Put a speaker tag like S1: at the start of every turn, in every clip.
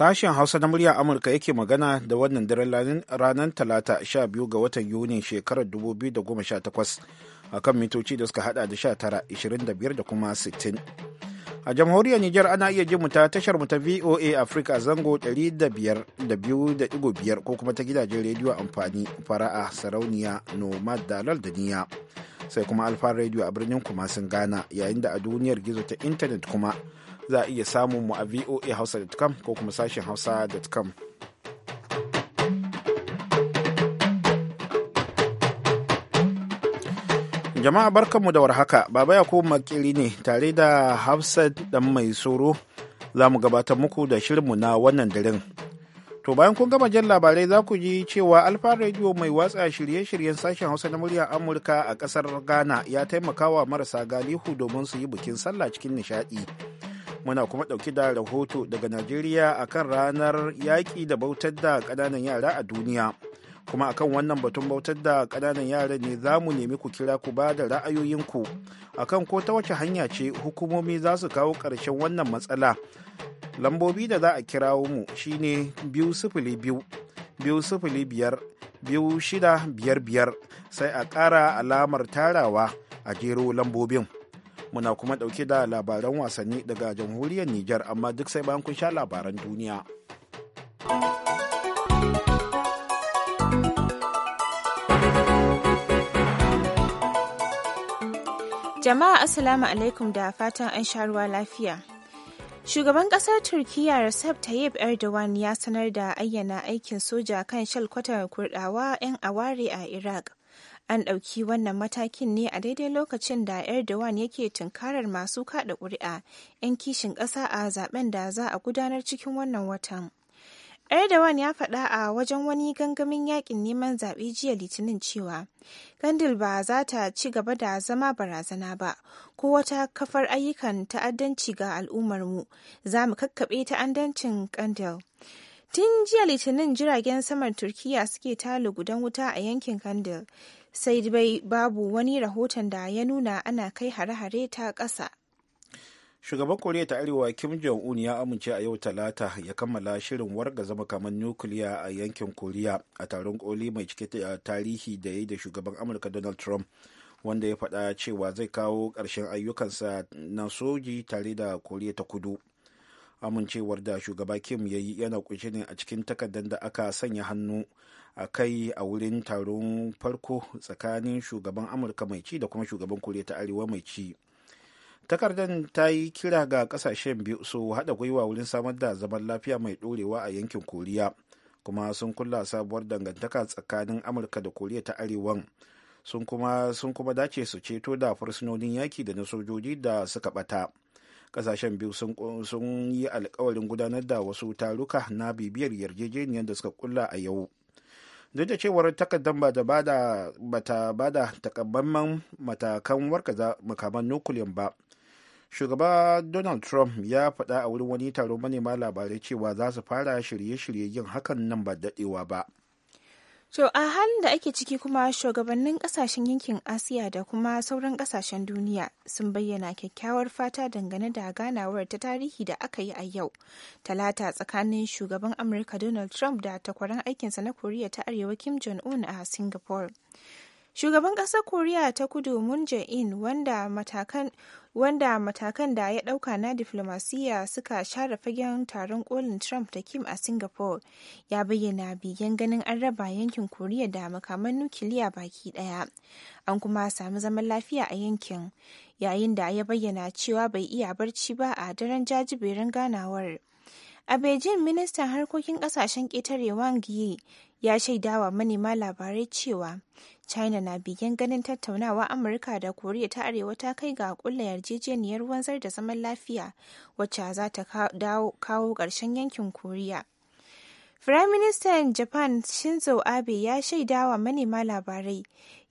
S1: Sashen Hausa na murya Amurka yake magana da wannan daren ranar Talata sha biyu ga watan Yuni shekarar 2018 a kan mitoci da suka hada da sha tara ishirin da kuma 60. A jamhuriyar Nijar ana iya jin ta tashar mu ta VOA Africa zango biyar ko kuma ta gidajen rediyo amfani fara'a sarauniya nomad dalal da niya. Sai kuma alfa rediyo a birnin kuma sun gana yayin da a duniyar gizo ta intanet kuma za a iya samun mu a voahausa.com ko kuma sashen hausa.com. Jama'a barkanmu da warhaka, Baba Yakubu Makili ne tare da hafsa dan mai soro za mu gabatar muku da shirinmu na wannan daren. To bayan kun gama jan labarai za ku ji cewa Alfa Radio mai watsa shirye-shiryen sashen Hausa na muryar Amurka a ƙasar Ghana ya taimakawa marasa galihu domin su yi bikin sallah cikin nishadi. muna kuma ɗauki da rahoto daga najeriya akan ranar yaƙi da bautar da ƙananan yara a duniya kuma akan wannan batun bautar da ƙananan yara ne za mu nemi ku kira ku ba da ra'ayoyinku akan ko ta wace hanya ce hukumomi za su kawo ƙarshen wannan matsala lambobi da za a kirawo mu shine biyu sifili biyu biyu sifili biyar biyu shida biyar biyar sai a ƙara alamar tarawa a jero lambobin muna kuma ɗauke da labaran wasanni daga jamhuriyar Nijar amma duk sai bayan kun sha labaran duniya.
S2: Jama'a Assalamu alaikum da fatan an sha ruwa lafiya. Shugaban ƙasar Turkiyya Recep Tayyip Erdogan ya sanar da ayyana aikin soja kan shalkwatar kurdawa 'yan aware a Iraq. An ɗauki wannan matakin ne a daidai lokacin da Erdogan yake tunkarar masu kaɗa ƙuri'a 'yan kishin ƙasa a zaben da za a gudanar cikin wannan watan. Erdogan ya faɗa a wajen wani gangamin yakin neman zaɓe jiya Litinin cewa Gandil ba za ta ci gaba da zama barazana ba ko wata kafar ayyukan ta'addanci ga al'ummarmu za mu kakkaɓe ta'addancin Gandil. Tun jiya Litinin jiragen saman Turkiya suke talo gudan wuta a yankin Kandil sai dai babu wani rahoton da ya nuna ana kai hare-hare ta ƙasa.
S1: Shugaban Koriya ta Arewa Kim Jong-un ya amince a yau Talata ya kammala shirin warga zama makaman nukiliya a yankin Koriya a taron koli mai cike tarihi da ya da shugaban Amurka Donald Trump wanda ya faɗa cewa zai kawo ƙarshen ayyukansa na soji tare da Koriya ta Kudu. amincewar da shugaba kim ya yi yana kunshi ne a cikin takardar da aka sanya hannu a kai a wurin taron farko tsakanin shugaban amurka mai ci da kuma shugaban koriya ta arewa mai ci takardar ta yi kira ga kasashen biyu su haɗa gwiwa wurin samar da zaman lafiya mai ɗorewa a yankin koriya kuma sun kulla sabuwar dangantaka tsakanin amurka da koriya ta arewa sun kuma sun kuma dace su ceto da fursunonin yaki da na sojoji da suka bata kasashen biyu sun yi alkawarin gudanar da wasu taruka na bibiyar yarjejeniyar da suka kulla a yau duk da cewar takardar ba da bata bada takamaiman matakan warkaza makaman nukuliyan ba shugaba donald trump ya faɗa a wurin wani taron manema labarai cewa za su fara shirye-shirye yin hakan nan ba daɗewa ba
S2: To a halin da ake ciki kuma shugabannin kasashen yankin Asiya da kuma sauran kasashen duniya sun bayyana kyakkyawar fata dangane da ganawar ta tarihi da aka yi a yau. Talata tsakanin shugaban Amurka Donald Trump da takwaran aikinsa na Koriya ta Arewa Kim Jong-un a Singapore. Shugaban ƙasar Koriya ta Kudu Moon Jae-in wanda matakan wanda matakan da ya dauka na diflomasiyya suka share fagen taron kolin Trump da Kim a Singapore ya bayyana bigen ganin an raba yankin Koriya da makaman nukiliya baki daya An kuma sami zaman lafiya a yankin, yayin da ya bayyana cewa bai iya barci ba a daren jajiberin ganawar. A Beijing, ministan harkokin kasashen ƙetare Wang Yi ya shaidawa manema labarai cewa China na bigen ganin tattaunawa Amurka da Koriya ta Arewa ta kai ga kulla yarjejeniyar wanzar da zaman lafiya wacce za ta kawo ƙarshen yankin Koriya. Firaministan Japan Shinzo Abe ya shaidawa manema labarai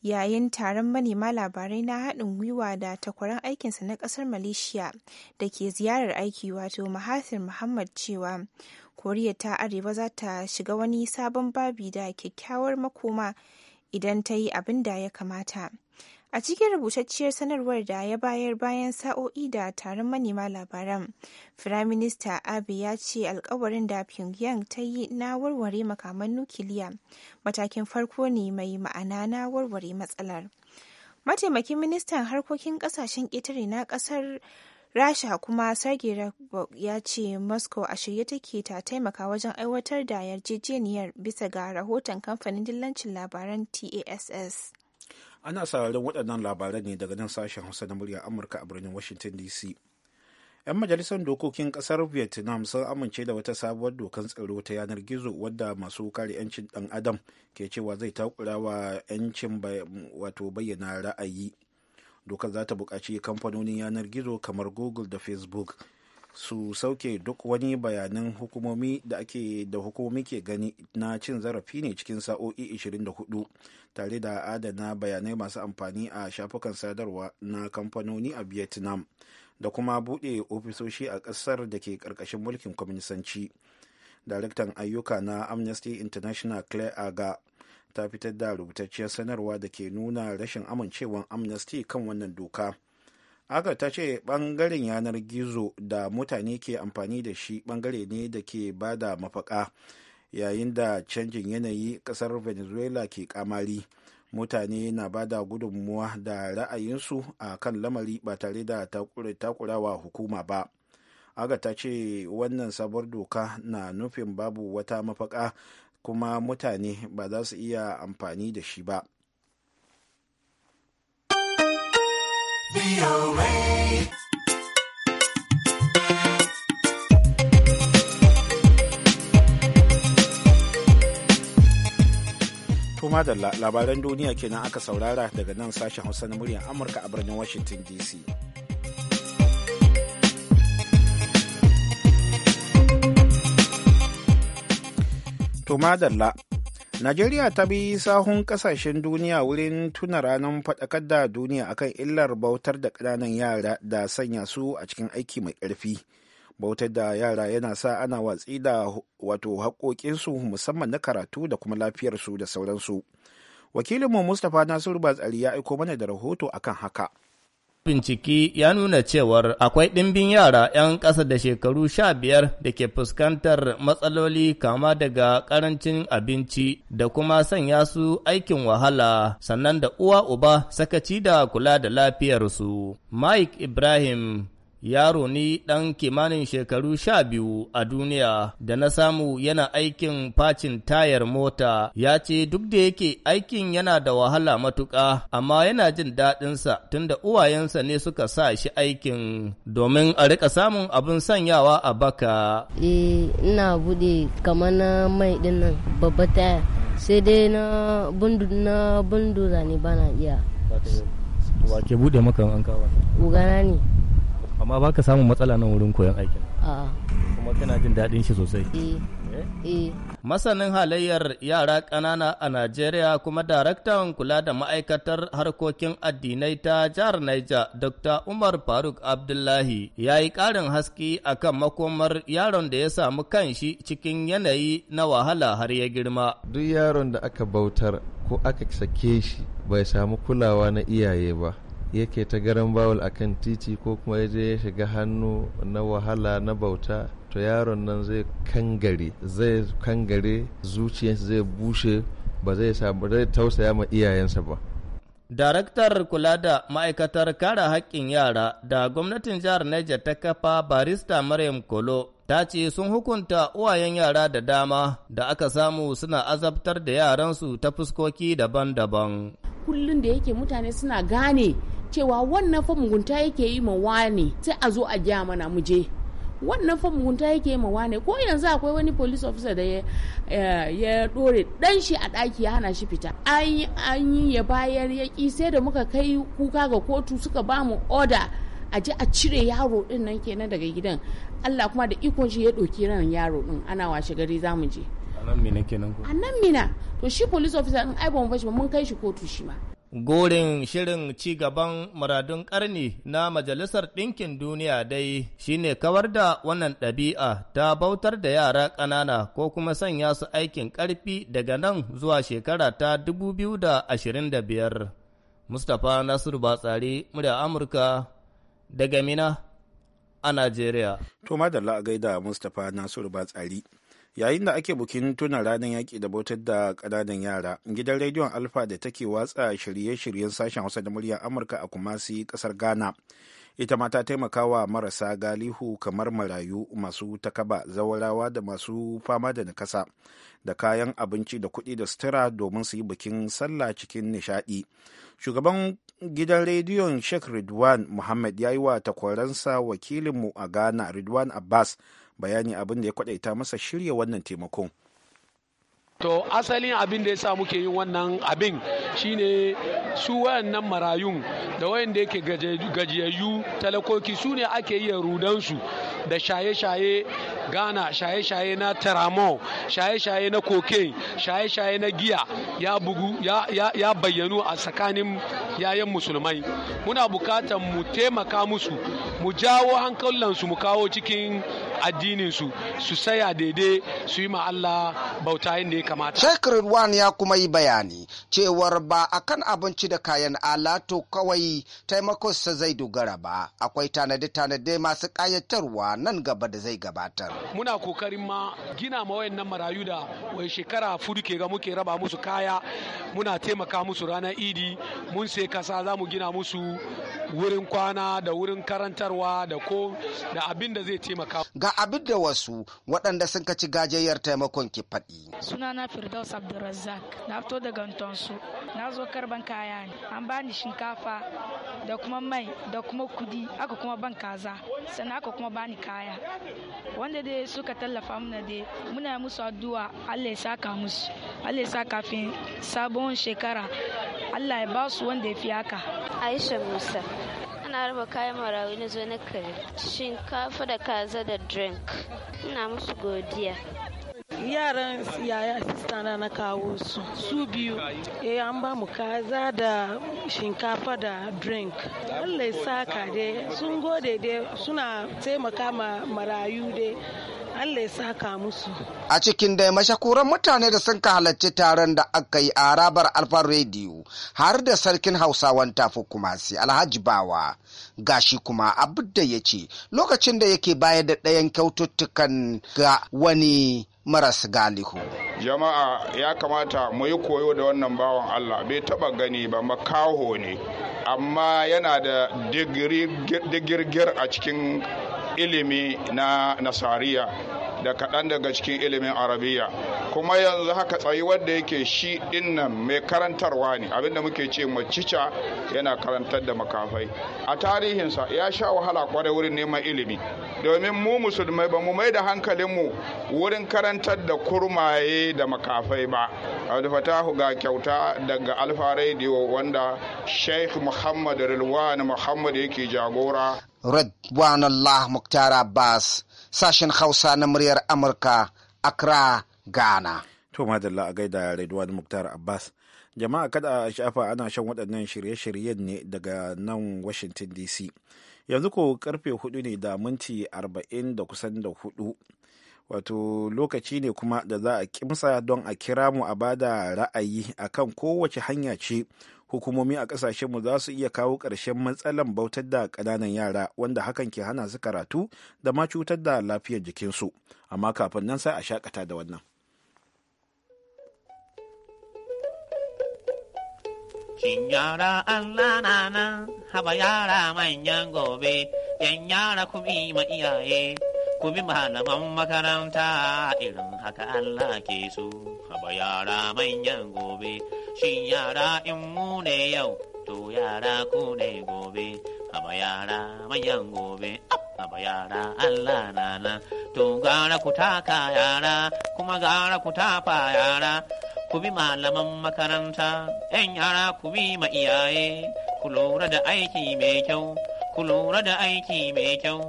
S2: yayin taron manema labarai na haɗin gwiwa da takwaran aikinsa na ƙasar Malaysia da ke ziyarar aiki wato Mahathir Muhammad cewa Koriya ta Arewa za ta shiga wani sabon babi da kyakkyawar makoma idan ta yi abin da ya kamata. A cikin rubutacciyar sanarwar da ya bayar bayan sa'o'i da taron manema labaran, Firaminista Abe ya ce alkawarin da Pyongyang ta yi na warware makaman nukiliya matakin farko ne mai ma'ana na warware matsalar. Mataimakin ministan harkokin kasashen ƙetare na ƙasar rasha kuma sergei rakbov ya ce moscow a shirye take ta taimaka wajen aiwatar da yarjejeniyar bisa ga rahoton kamfanin dillancin labaran tass
S1: ana sararin waɗannan labaran ne daga nan sashen hausa na murya amurka a birnin washington dc 'yan majalisar dokokin kasar vietnam sun amince da wata sabuwar dokan tsaro ta yanar gizo wadda masu kare 'yancin dan adam ke cewa zai takura wa 'yancin wato bayyana ra'ayi dokar za ta buƙaci kamfanonin yanar gizo kamar google da facebook su sauke duk wani bayanan hukumomi da ake da hukumomi ke gani na cin zarafi ne cikin sa'o'i 24 tare da adana bayanai masu amfani a shafukan sadarwa na kamfanoni a vietnam da kuma buɗe ofisoshi a ƙasar da ke ƙarƙashin mulkin kwaminisanci daraktan ayyuka na amnesty international claire aga ta fitar da rubutacciyar sanarwa da ke nuna rashin amincewan amnesty kan wannan doka agar ta ce bangaren yanar gizo da mutane ke amfani da shi bangare ne da ke ba da mafaka yayin da canjin yanayi kasar venezuela ke kamari mutane na ba da gudunmuwa da ra'ayinsu a kan lamari ba tare da takurawa hukuma ba aga ta ce wannan sabuwar doka na nufin babu wata mafaka kuma mutane ba za su iya amfani da shi ba Tuma da labaran duniya kenan aka saurara daga nan sashen Hausa na muryar Amurka a birnin Washington DC. To madalla, Najeriya ta bi sahun kasashen duniya wurin tuna ranar faɗakar da duniya akan illar bautar da ƙananan yara da sanya su a cikin aiki mai ƙarfi. Bautar da yara yana sa ana watsi da wato haƙoƙinsu musamman na karatu da kuma lafiyarsu da sauransu. Wakilinmu Mustapha Nasiru Batsari ya aiko mana da
S3: rahoto akan haka. Bincike ya nuna cewar akwai ɗimbin yara 'yan ƙasa da shekaru sha biyar da ke fuskantar matsaloli kama daga ƙarancin abinci da kuma sanya su aikin wahala sannan da uwa uba sakaci da kula da lafiyarsu. Mike Ibrahim yaro ni ɗan kimanin shekaru sha biyu a duniya da na samu yana aikin facin tayar mota ya ce duk da yake aikin yana da wahala matuka, amma yana jin daɗinsa tunda uwayensa ne suka sa shi aikin domin a rika samun abin sanyawa a baka.
S2: Eh, ina buɗe kamar na mai ɗinnan babba taya sai dai na na bundu ne bana iya.
S3: Wa ke buɗe maka an kawo?
S2: Ugana ne.
S3: amma ba ka samun matsala nan wurin koyon aikin kuma kana jin daɗin shi sosai eh. Eh? Eh. masanin halayyar yara ƙanana a najeriya kuma daraktan kula da ma'aikatar harkokin addinai ta jihar niger dr umar faruk abdullahi ya yi ƙarin haske kan makomar yaron da ya samu kanshi cikin yanayi na wahala har ya girma
S4: duk yaron da aka bautar ko aka sake shi bai samu kulawa na
S3: iyaye ba yake ta garan bawul akan titi ko kuma ya je ya shiga hannu na wahala na bauta to yaron nan zai kangare zai kangare zuciyarsa zai bushe ba zai tausaya ma iyayensa ba Daraktar kula da ma'aikatar kare haƙƙin yara da gwamnatin jihar Niger ta kafa barista Maryam Kolo ta ce sun hukunta uwayen yara da dama da aka samu suna azabtar da yaransu ta fuskoki daban-daban.
S2: Kullum da yake mutane suna
S5: gane cewa wannan fa mugunta yake yi ma wane sai a zo a gya mana mu je wannan fa mugunta yake ma wane ko yanzu akwai wani police officer da ya dore dan shi a daki ya hana shi fita an yi ya bayar ya ki sai da muka kai kuka ga kotu suka ba mu order a je a cire yaro din nan kenan daga gidan Allah kuma da ikon shi ya doki ran yaro din ana washe gari za mu je
S3: a nan mina kenan ko a
S5: nan mina to shi police officer din ai ba mu ba mun kai shi kotu shi ma
S3: Gorin shirin ci gaban muradun ƙarni na Majalisar Ɗinkin Duniya dai shine kawar da wannan ɗabi'a ta bautar da yara ƙanana ko kuma sanya su aikin ƙarfi daga nan zuwa shekara ta 2025. Mustapha Nasiru Batsari, murya Amurka, daga Mina a Najeriya.
S1: To, madalla a gaida Mustapha Nasiru Batsari. yayin da ake bukin tuna ranar yaƙi da bautar da ƙananan yara gidan rediyon alfa da take watsa shirye-shiryen sashen hausa da muryar amurka a kumasi ƙasar ghana ita ma ta taimaka wa marasa galihu kamar marayu masu takaba zawarawa da masu fama da nakasa da kayan abinci da kuɗi da sutura domin su yi bikin sallah cikin nishaɗi shugaban gidan rediyon sheikh ridwan muhammad ya yi wa takwaransa wakilinmu a ghana ridwan abbas bayani abin da ya kwadaita masa shirya wannan taimakon.
S5: to asalin abin da ya sa muke yin wannan abin shine su wayannan marayun da wayanda yake gajiyayyu talakoki su ne ake iya rudansu da shaye-shaye gana shaye-shaye na taramo shaye-shaye na koke shaye-shaye na giya ya bugu ya, bayyanu a tsakanin yayan musulmai muna bukatar mu taimaka musu mu jawo hankalansu mu kawo cikin addininsu su saya daidai su yi ma'alla Allah bauta yadda ya kamata. Sheikh Ridwan ya kuma yi bayani cewar ba kan abinci da kayan alato kawai taimakonsa zai dogara ba akwai tanadi tanadi masu kayatarwa
S1: nan gaba da zai gabatar.
S5: Muna kokarin ma gina ma nan marayu da wai shekara fudu ke ga muke raba musu kaya muna taimaka musu ranar idi mun sai kasa za mu gina musu wurin kwana da wurin karantarwa da ko da abin da zai taimaka. Ga abin da wasu waɗanda sun kaci gajiyar taimakon ki faɗi.
S2: Sunana sunana firdaus abdulrazak na fito daga ntonsu na zo karban kaya ne an bani shinkafa da kuma mai da kuma kudi aka kuma ban kaza sannan aka kuma bani kaya wanda dai suka tallafa mana dai muna musu addu'a allah ya saka musu allah ya sa kafin sabon shekara allah ya ba su wanda ya fi haka
S3: aisha musa ana raba kayan marawi na zo na kare shinkafa da kaza
S2: da drink ina musu godiya yaran yaya sista na kawo su su biyu e an ba mu kaza da shinkafa da drink Allah saka dai sun gode dai suna taimaka ma marayu dai allai sa saka musu.
S5: A cikin dai mashakuran mutane da sun
S1: ka halarci taron da aka yi a rabar Alfa Radio har da sarkin Hausawan tafi kumasi Alhaji Bawa. Gashi kuma abin da ya ce lokacin da yake bayar
S3: da
S5: ɗayan kyaututtukan ga wani maras galihu.
S3: Jama'a ya kamata mu yi koyo da wannan bawan Allah bai taba gani ba makaho ne amma yana da digirgir a cikin ilimi na nasariya da kaɗan daga cikin ilimin arabiya kuma yanzu haka tsayi wadda yake shi dinnan mai karantarwa ne abinda muke ce macica yana karantar da makafai a tarihinsa ya sha wahala kwarai wurin neman ilimi domin mu musulmai ba mu mai da hankalinmu wurin karantar da kurmaye da makafai ba abdu fatahu ga kyauta daga alfa radio wanda sheikh muhammad rilwan muhammad yake jagora
S1: Radwanullah Muktar Abbas sashen Hausa na muryar Amurka Accra Ghana. To madalla a gaida Redwan Muktar Abbas. Jama'a kada a shafa ana shan waɗannan shirye-shiryen ne daga nan Washington DC. Yanzu ko karfe hudu ne da minti arba'in da kusan da hudu. Wato lokaci ne kuma da za a kimsa don a kira mu a bada ra'ayi akan kowace hanya ce hukumomi a ƙasashenmu za su iya kawo ƙarshen matsalan bautar da ƙananan yara wanda hakan ke hana su karatu da ma cutar da lafiyar jikinsu amma kafin nan sai a shakata da wannan
S4: Shin yara Allah na nan, haba yara manyan gobe, yan yara ku bi ma iyaye, ku bi malaman makaranta irin haka Allah ke so, haba yara manyan gobe. shin yara in mu ne yau to yara ku ne gobe aba yara manyan gobe aba yara Allah na nan to gara ku taka yara kuma gara ku tafa yara ku bi malaman makaranta 'yan yara ku bi ma iyaye ku lura da aiki mai kyau ku lura da aiki mai kyau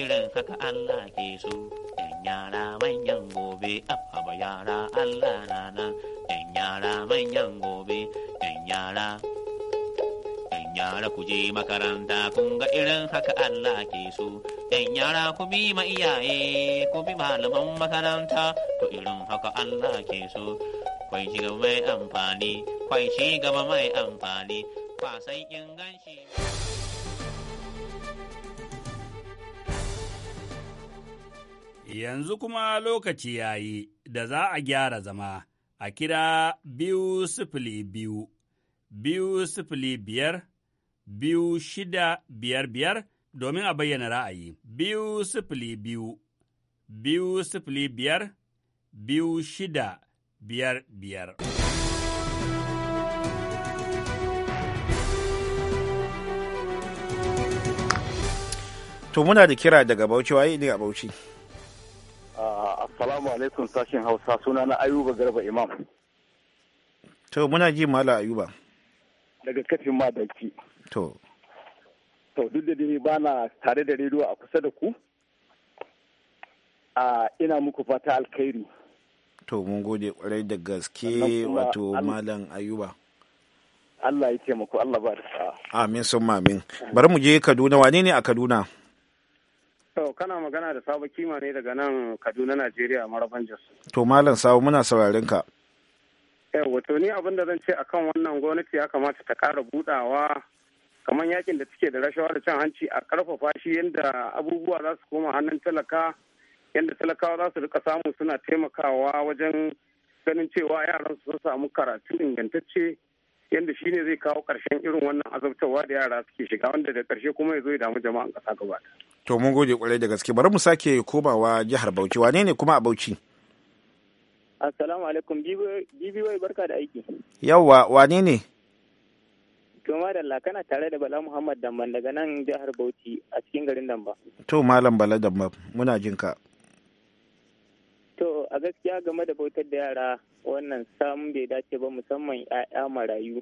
S4: irin haka Allah ke so 'yan yara manyan gobe gobe abba yara Allah na yan yara manyan gobe yan yara yan yara ku je makaranta kun ga irin haka Allah ke so yan yara ku ma iyaye ku bi malaman makaranta to irin haka Allah ke so kwai ci gaba mai amfani kwai ci gaba mai amfani kwasan inganci
S6: Yanzu kuma lokaci ya yi da za a gyara zama a kira biyu sifili biyu, biyu sifili biyar, biyu shida biyar biyar domin a bayyana ra'ayi. Biyu sifili biyu, biyu sifili biyar, biyu shida biyar biyar.
S1: To muna da kira daga Bauchi waye ne a Bauchi?
S7: Assalamu alaikum sashen Hausa suna na Ayuba Garba Imam.
S1: To muna ji Mala Ayuba.
S7: Daga kafin madalci. To. To duk da dai ba na tare da rediyo a kusa da ku. A ina muku fata alkhairi.
S1: To mun gode kwarai da gaske wato Malam Ayuba.
S7: Allah ya taimako Allah ba da sa'a.
S1: Amin sun mamin. Bari mu je Kaduna wane ne a Kaduna?
S7: To kana magana da sabon kima ne daga nan Kaduna Najeriya Maraban Jos.
S1: To Malam Sabo muna sauraren ka.
S7: Yawwa to ni abin da zan ce akan wannan gwamnati ya kamata ta ƙara buɗawa kamar yakin da take da rashawa da cin hanci a ƙarfafa shi yadda abubuwa za su koma hannun talaka yadda talakawa za su rika samu suna taimakawa wajen ganin cewa yaran su samu karatu ingantacce yadda shine zai kawo karshen irin wannan azabtarwa da yara suke shiga wanda da karshe kuma ya zo ya damu jama'an kasa gaba
S1: to mun gode kwarai da gaske bari mu sake komawa jihar bauchi wane ne kuma a bauchi
S7: assalamu alaikum bibiyoyi barka da aiki
S1: yawwa wane ne
S7: to madalla kana tare da bala muhammad damban daga nan jihar bauchi a cikin garin damba
S1: to malam bala damba muna jinka
S7: a gaskiya game da bautar da yara wannan samun bai dace ba musamman 'ya'ya marayu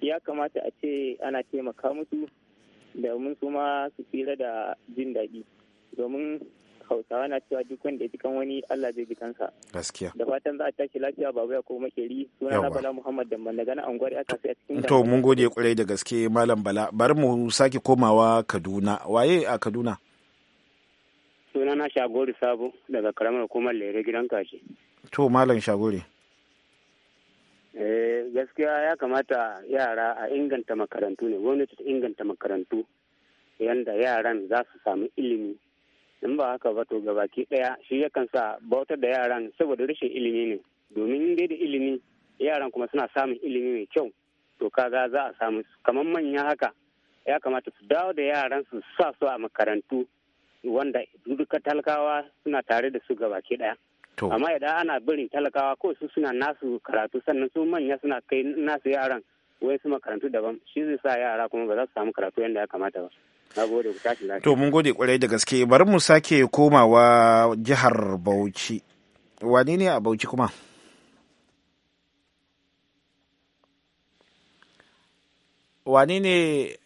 S7: ya kamata a ce ana taimaka musu mun su ma su tsira da jin daɗi domin hausawa na cewa duk wanda ya jikan wani Allah zai jikansa. Gaskiya. Da fatan za a tashi lafiya babu ya ko makeri suna na Bala Muhammad da Mandagana gana aka sai a cikin To mun
S1: gode kwarai da gaske Malam Bala bari mu sake komawa Kaduna waye a Kaduna.
S7: suna na shagori sabo daga karamar hukumar lere gidan kashi
S1: to malam shagori
S7: eh, gaskiya ya kamata yara a inganta makarantu ne gwamnati ta inganta makarantu yadda yaran za su samu ilimi in ba haka ba to gabaki daya shi yakan sa bautar da yaran saboda rashin ilimi ne domin in da ilimi yaran kuma suna samun ilimi mai kyau to kaga za a samu kamar manya haka ya kamata su dawo da yaran su sa su a makarantu wanda duka talakawa suna tare da su gabaki daya amma idan ana birin talakawa ko su suna nasu karatu sannan su manya suna kai nasu yaran wai su makarantu daban shi zai sa yara kuma ba za su samu karatu yadda ya kamata ba na gode ku to
S1: mun gode kwarai da gaske bari mu sake komawa jihar Bauchi wani ne a Bauchi kuma wani ne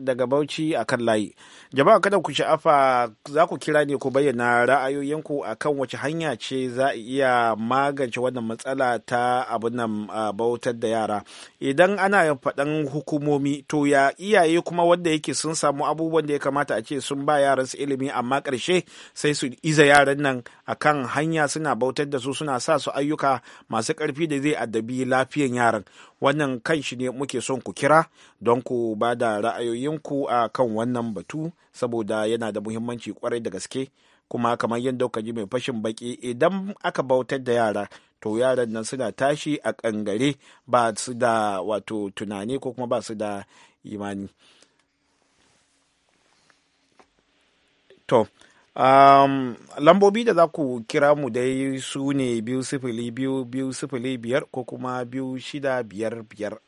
S1: daga Bauchi a kan layi. Jama'a kada ku sha'afa za ku kira ne ku bayyana ra'ayoyinku a kan wace hanya ce za a iya magance wannan matsala ta abin nan bautar da yara. Idan ana faɗan hukumomi to ya iyaye kuma wanda yake sun samu abubuwan da ya kamata a ce sun ba yaran su ilimi amma ƙarshe sai su iza yaran nan a kan hanya suna bautar da su suna sa su ayyuka masu ƙarfi da zai addabi lafiyan yaran. Wannan kan shi ne muke son ku kira don ku ba da ra'ayoyin ra'ayinku a kan wannan batu saboda yana da muhimmanci kwarai da gaske kuma kamar yadda kuka ji mai fashin baki idan aka bautar da yara to yaran nan suna tashi a kangare ba su da wato tunani ko kuma ba su da imani to um, lambobi da za ku kira mu dai su ne biyu sifili biyu biyu sifili biyar ko kuma biyu shida biyar biyar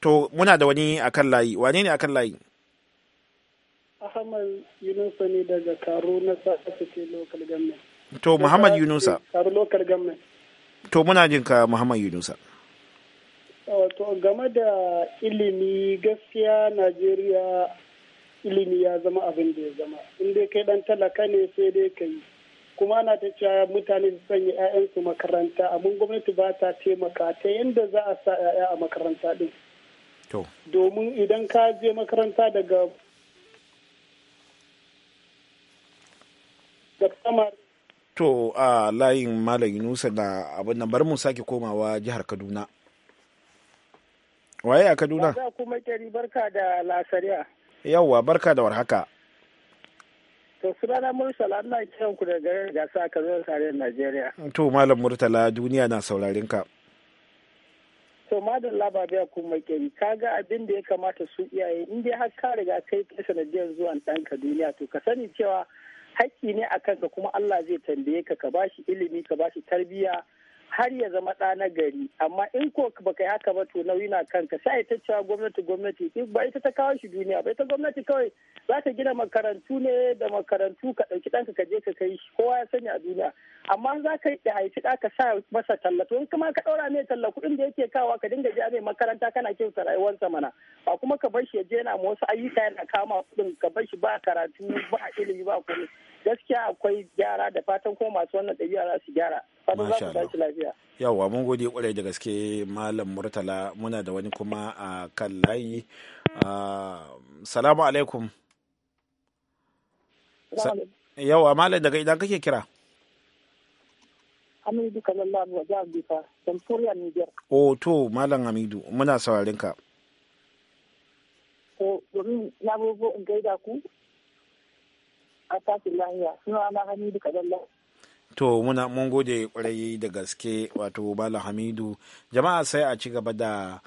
S1: to muna da wani akan layi wane ne akan layi
S7: Ahmad Yunusa ne daga Karo na Sassafe Local Government.
S1: To Muhammad Yunusa.
S7: Karo Local Government.
S1: To muna jin ka Muhammad Yunusa.
S7: Uh, to game da ilimi gaskiya Najeriya ilimi ya zama abin da ya zama. inda kai dan talaka ne sai dai ka yi. Kuma ana ta cewa mutane su sanya 'ya'yansu makaranta abin gwamnati ba ta taimaka ta yadda za a sa 'ya'ya a makaranta din. domin idan ka je makaranta daga
S5: samar
S1: to a layin malam yunusa na abin nan bar mu sake komawa jihar kaduna waye a kaduna ba
S7: kuma kyari barka da lasariya
S1: yawwa barka da warhaka
S7: to sunana murtala ina kiran ku da garin gasa a kaduna tarayyar najeriya
S1: to malam murtala duniya na saurarin ka
S7: ma da laba biya kuma makeri kaga abin da ya kamata su iyaye in dai har ka riga kai kai sanadiyar zuwan ɗanka duniya to ka sani cewa hakki ne a kanka kuma Allah zai tambaye ka ka bashi ilimi ka bashi tarbiyya har ya zama ɗa na gari amma in ko baka yi haka ba to nauyi na kanka sai ita cewa gwamnati gwamnati ba ita ta kawo shi duniya ba ita gwamnati kawai za ta gina makarantu ne da makarantu ka ɗauki ɗanka ka je ka kai shi kowa ya sani a duniya amma za ka da haifi ɗa ka sa masa talla to in kuma ka ɗaura mai talla kuɗin da yake kawa ka dinga ja mai makaranta kana kyauta rayuwarsa mana ba kuma ka bar shi ya je yana wasu ayyuka yana kama kuɗin ka bar shi ba karatu ba ilimi ba kuɗi gaskiya akwai gyara da fatan ko masu wannan ɗabi'a za su gyara fatan za su tashi lafiya
S1: yawa mun gode kwarai da gaske malam murtala muna da wani kuma a kan layi ah, salamu alaikum yawa malam daga idan kake kira
S7: Hamidu Kalallahu wa jihar Bifa, Tamfuriya Nijar.
S1: O to, Malam Hamidu, muna saurinka. ka.
S7: domin na in gaida ku a lahiya suna na hamidu
S1: to muna mun gode kwarai da gaske wato bala hamidu jama'a sai a ci gaba da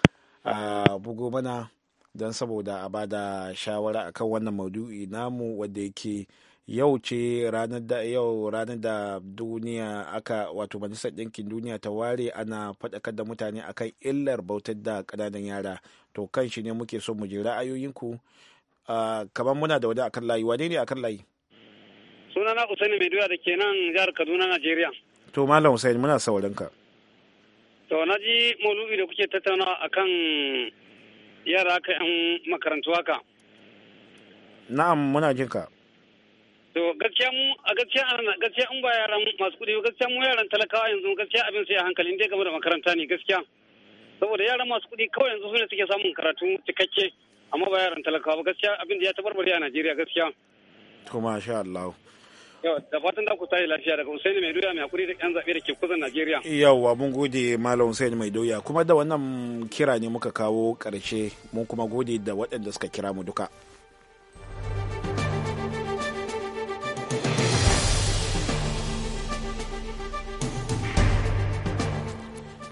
S1: bugo mana don saboda a bada shawara akan wannan maudu'i namu wadda yake yau ce ranar da yau ranar da duniya aka wato majalisar ɗinkin duniya ta ware ana faɗakar da mutane akan illar bautar da ƙananan yara to kan shi ne muke so mu ji ra'ayoyinku kamar muna da wani akan layi wane ne akan layi
S7: sunana Usaini doya da ke nan jihar Kaduna Najeriya
S1: to Malam Usaini muna saurin ka
S7: to na ji maulubi da kuke tattauna akan yara ka yan makarantu haka
S1: na'am muna jin ka
S7: to gaskiya mu a gaskiya gaskiya an ba yaran masu kudi gaskiya mu yaran talakawa yanzu gaskiya abin sai a hankali dai game da makaranta ne gaskiya saboda yaran masu kudi kawai yanzu su ne suke samun karatu cikakke amma ba yaran talakawa ba gaskiya abin da ya tabarbare a Najeriya gaskiya
S1: to masha Allah
S7: da fatan da ku tayi lafiya daga Usaini Mai Doya mai hakuri da yan zaɓe da ke kusan Najeriya.
S1: Yawwa mun gode Malam Usaini Mai Doya kuma da wannan kira ne muka kawo ƙarshe mun kuma gode da waɗanda suka kira mu duka.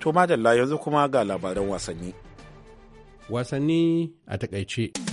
S1: To madalla yanzu kuma ga labaran wasanni. Wasanni
S5: a takaice.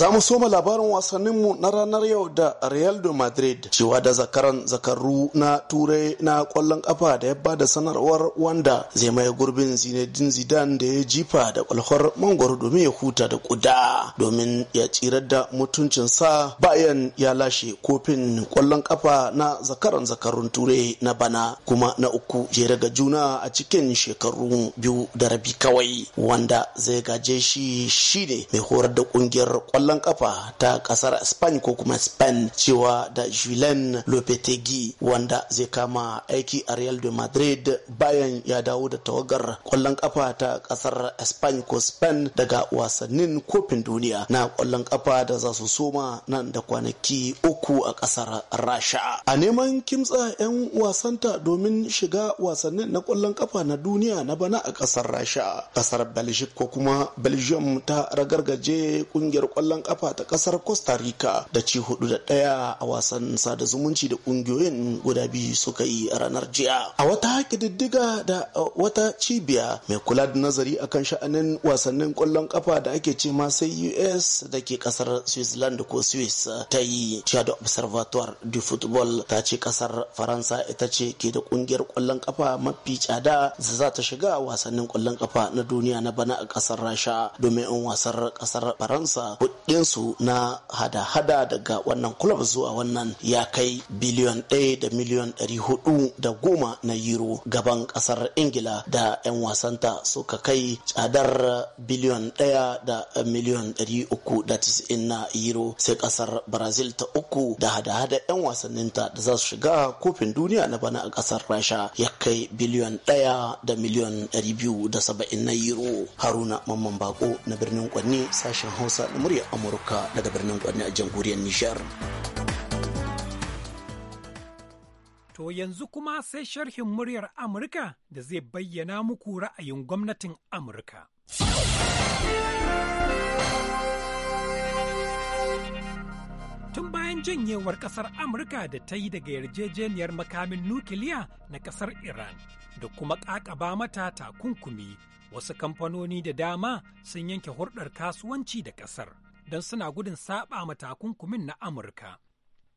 S5: Za mu soma labarin wasanninmu na ranar yau da Real de Madrid cewa da zakaran zakaru na turai na kwallon kafa da ya bada sanarwar wanda zai mai gurbin Zinedine Zidane da ya jifa da kwalhwar mangwaro domin ya huta da kuda domin ya tsirar da mutuncinsa bayan ya lashe kofin kwallon kafa na zakaran zakarun turai na bana kuma na uku jere ga juna a cikin shekaru biyu da rabi kawai wanda zai gaje shi shine mai horar da kungiyar kwallon kwallon kafa ta kasar spain ko kuma spain cewa da julen lopetegui wanda zai kama aiki a real de madrid bayan ya dawo da tawagar kwallon kafa ta kasar spain ko spain daga wasannin kofin duniya na kwallon kafa da za su soma nan da kwanaki uku a kasar rasha a neman kimtsa 'yan wasanta domin shiga wasannin na kwallon kafa na duniya na bana a kasar rasha kasar belgium ko kuma belgium ta ragargaje kungiyar kwallon ƙwallon ƙafa ta ƙasar Costa Rica da ci hudu da ɗaya a wasan sada zumunci da ƙungiyoyin guda biyu suka yi a ranar jiya. A wata kididdiga da wata cibiya mai kula da nazari akan sha'anin wasannin kwallon ƙafa da ake ce ma sai US da ke ƙasar Switzerland ko Swiss ta yi. da Observatoire du Football ta ce ƙasar Faransa ita ce ke da ƙungiyar kwallon ƙafa mafi tsada da za ta shiga wasannin kwallon ƙafa na duniya na bana a ƙasar Rasha domin 'yan wasar ƙasar Faransa kudinsu na hada-hada daga wannan kulab zuwa wannan ya kai biliyon ɗaya da miliyon ɗari hudu da goma na euro gaban ƙasar ingila da 'yan wasanta suka kai tsadar biliyon ɗaya da miliyon ɗari uku da na euro sai ƙasar brazil ta uku da hada-hada 'yan wasanninta da za su shiga kofin duniya na bana a ƙasar rasha ya kai biliyon ɗaya da miliyon ɗari biyu da saba'in na euro haruna mamman bako na birnin kwanni sashen hausa na murya amurka daga birnin kwanne a jamhuriyar nijar.
S6: to yanzu kuma sai sharhin muryar amurka da zai bayyana muku ra'ayin gwamnatin amurka tun bayan janyewar kasar amurka da ta yi daga yarjejeniyar makamin nukiliya na kasar iran da kuma kakaba mata takunkumi wasu kamfanoni da dama sun yanke hurɗar kasuwanci da kasar don suna gudun saba ma takunkumin na Amurka.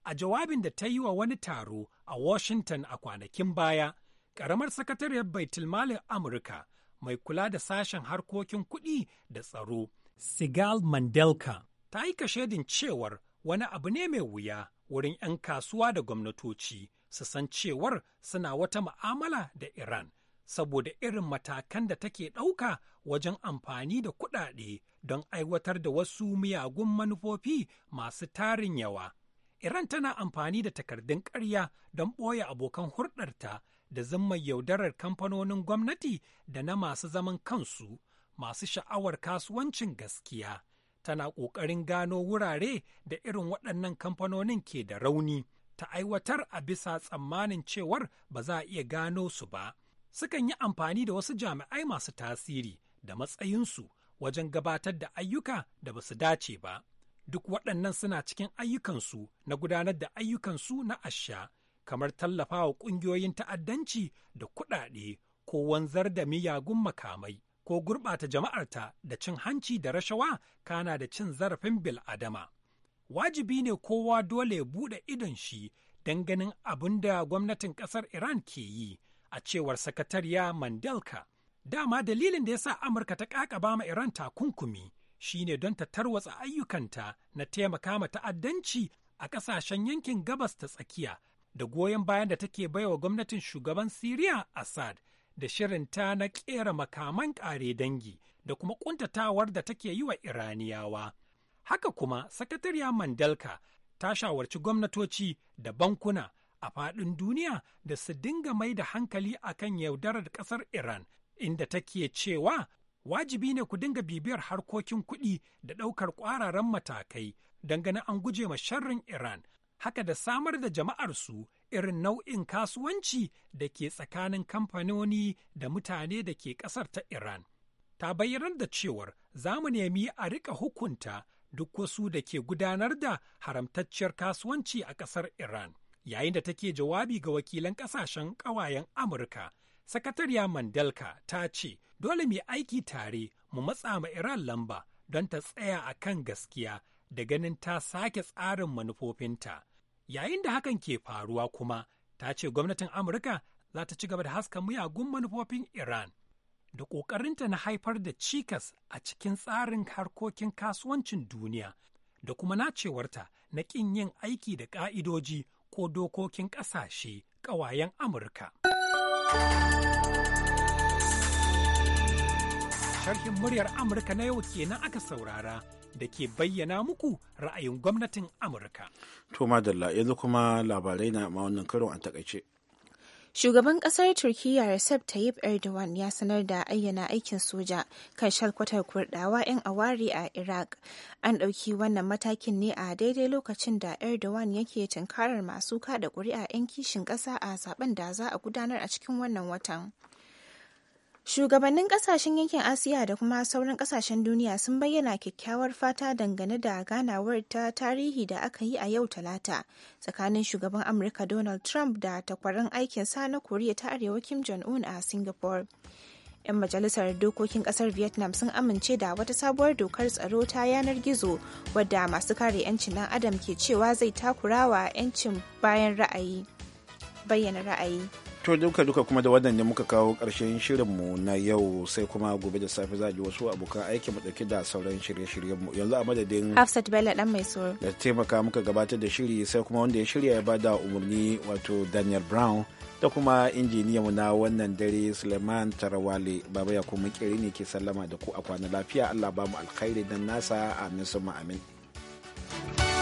S6: A jawabin da ta yi wa wani taro a Washington a kwanakin baya, ƙaramar sakatariyar Baitulmalin Amurka mai kula da sashen harkokin kuɗi da tsaro, Sigal Mandelka, ta yi kashedin cewar wani abu ne mai wuya wurin 'yan kasuwa da gwamnatoci su san cewar suna wata ma'amala da Iran, saboda irin matakan da take ɗauka wajen amfani da kuɗaɗe don aiwatar da wasu miyagun manufofi masu tarin yawa. Iran tana amfani da takardun ƙarya don ɓoye abokan hurɗarta da zimmar yaudarar kamfanonin gwamnati da na masu zaman kansu masu sha'awar kasuwancin gaskiya. Tana ƙoƙarin gano wurare da irin waɗannan kamfanonin ke da rauni ta aiwatar a bisa tsammanin cewar ba za a iya gano su ba. Sukan yi amfani da wasu jami'ai masu tasiri da matsayinsu wajen gabatar da ayyuka da ba su dace ba. Duk waɗannan suna cikin ayyukansu na gudanar da ayyukansu na asha, kamar tallafawa ƙungiyoyin ta'addanci da kuɗaɗe ko wanzar da miyagun makamai ko gurɓata jama'arta da cin hanci da rashawa kana da cin zarafin bil'adama. Wajibi ne kowa dole ya buɗe idon shi don ganin abin da gwamnatin ƙasar Iran ke yi, a cewar sakatariya Mandelka. Dama dalilin da ya sa Amurka ta ƙaƙaba ma Iran takunkumi shine don ta tarwatsa ayyukanta na taimaka ma ta'addanci a ƙasashen yankin gabas ta tsakiya da goyon bayan da take baiwa gwamnatin shugaban Siriya Assad da shirinta na ƙera makaman ƙare dangi da kuma ƙuntatawar da take yi wa Iraniyawa. Haka kuma, Sakatariya Mandalka ta shawarci gwamnatoci da bankuna a faɗin duniya da su dinga mai da hankali akan yaudarar ƙasar Iran inda take cewa wajibi ne ku dinga bibiyar harkokin kuɗi da ɗaukar ƙwararan matakai dangane an guje ma sharrin Iran, haka da samar da jama'arsu irin nau'in kasuwanci da ke tsakanin kamfanoni da mutane da ke ƙasar ta Iran. Ta bayyanar da cewar za mu nemi a riƙa hukunta duk wasu da ke gudanar da haramtacciyar kasuwanci a ƙasar Iran, yayin da take jawabi ga wakilan ƙasashen ƙawayen Amurka. Sakatariya Mandelka ta ce, dole mu aiki tare mu matsa ma Iran lamba don ta tsaya a kan gaskiya da ganin ta sake tsarin manufofinta. Yayin da hakan ke faruwa kuma, ta ce gwamnatin Amurka za ta ci gaba da haska muyagun manufofin Iran. Da ƙoƙarinta na haifar da cikas a cikin tsarin harkokin kasuwancin duniya da kuma nacewarta na ƙin yin aiki da ƙa'idoji ko dokokin ƙasashe ƙawayen Amurka. Sharhin muryar Amurka na yau kenan aka saurara da ke bayyana muku ra'ayin gwamnatin Amurka.
S1: To madalla yanzu kuma labarai na ma wannan karon an takaice.
S2: Shugaban ƙasar Turkiyya Recep Tayyip Erdogan ya sanar da ayyana aikin soja kan shalkwatar kurdawa 'yan awari a Iraq. An ɗauki wannan matakin ne a daidai lokacin da Erdogan yake tunkarar masu kada ƙuri'a 'yan kishin ƙasa a zaben da za a gudanar a cikin wannan watan. Shugabannin kasashen yankin Asiya da kuma sauran kasashen duniya sun bayyana kyakkyawar fata dangane da ganawar ta tarihi da aka yi a yau Talata tsakanin shugaban Amurka Donald Trump da takwaran sa na Koriya ta Arewa Kim Jong-un a Singapore. 'Yan majalisar dokokin kasar Vietnam sun amince da wata sabuwar dokar tsaro ta yanar gizo wadda masu kare 'yancin ɗan adam ke cewa zai takurawa 'yancin bayan ra'ayi bayyana ra'ayi.
S1: to duka duka kuma da wannan muka kawo ƙarshen shirinmu na yau sai kuma gobe da safe za a ji wasu abokan aiki mu dauke da sauran shirye-shiryenmu yanzu a madadin
S2: Hafsat Bello dan mai so
S1: da taimaka muka gabatar da shiri sai kuma wanda ya shirya ya bada umarni wato Daniel Brown da kuma injiniyanmu na wannan dare Suleiman Tarawale baba ya kuma kiri ne ke sallama da ku a kwana lafiya Allah ba mu alkhairi dan nasa amin summa amin